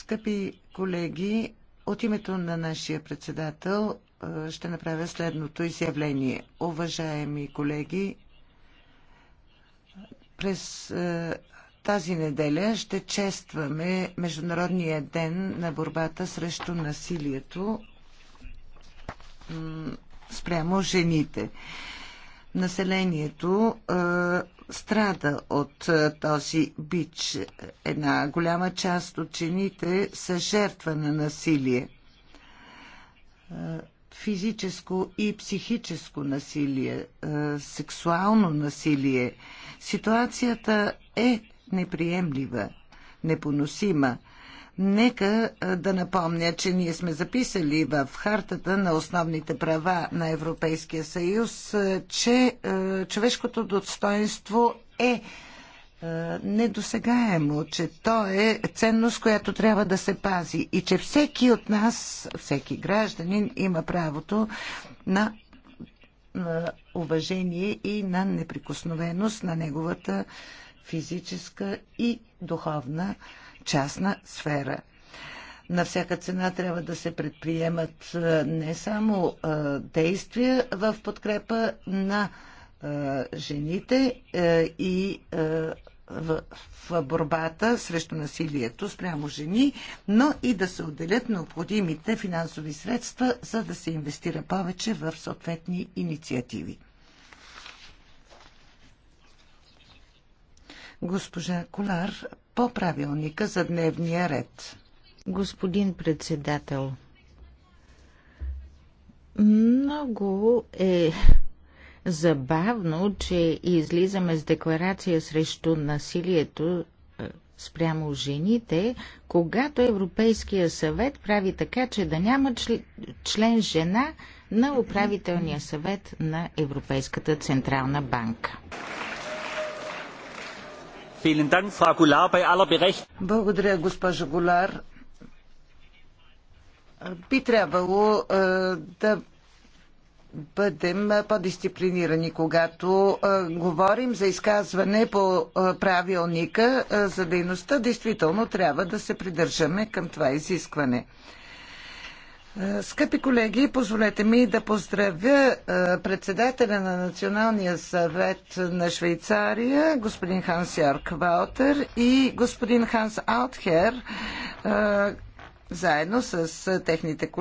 Скъпи колеги, от името на нашия председател ще направя следното изявление. Уважаеми колеги, през тази неделя ще честваме Международния ден на борбата срещу насилието спрямо жените населението страда от този бич. Една голяма част от жените са жертва на насилие. Физическо и психическо насилие, сексуално насилие. Ситуацията е неприемлива, непоносима. Нека да напомня, че ние сме записали в Хартата на основните права на Европейския съюз, че човешкото достоинство е недосегаемо, че то е ценност, която трябва да се пази и че всеки от нас, всеки гражданин има правото на, на уважение и на неприкосновеност на неговата физическа и духовна частна сфера. На всяка цена трябва да се предприемат не само действия в подкрепа на жените и в, борбата срещу насилието спрямо жени, но и да се отделят необходимите финансови средства, за да се инвестира повече в съответни инициативи. госпожа Колар по правилника за дневния ред. Господин председател, много е забавно, че излизаме с декларация срещу насилието е, спрямо жените, когато Европейския съвет прави така, че да няма член жена на управителния съвет на Европейската централна банка. Благодаря, госпожо Голар. Би трябвало е, да бъдем по-дисциплинирани, когато е, говорим за изказване по е, правилника за дейността. Действително трябва да се придържаме към това изискване. Е, скъпи колеги, позволете ми да поздравя е, председателя на Националния съвет на Швейцария, господин Ханс Йорк Валтер и господин Ханс Аутхер, е, заедно с техните колеги.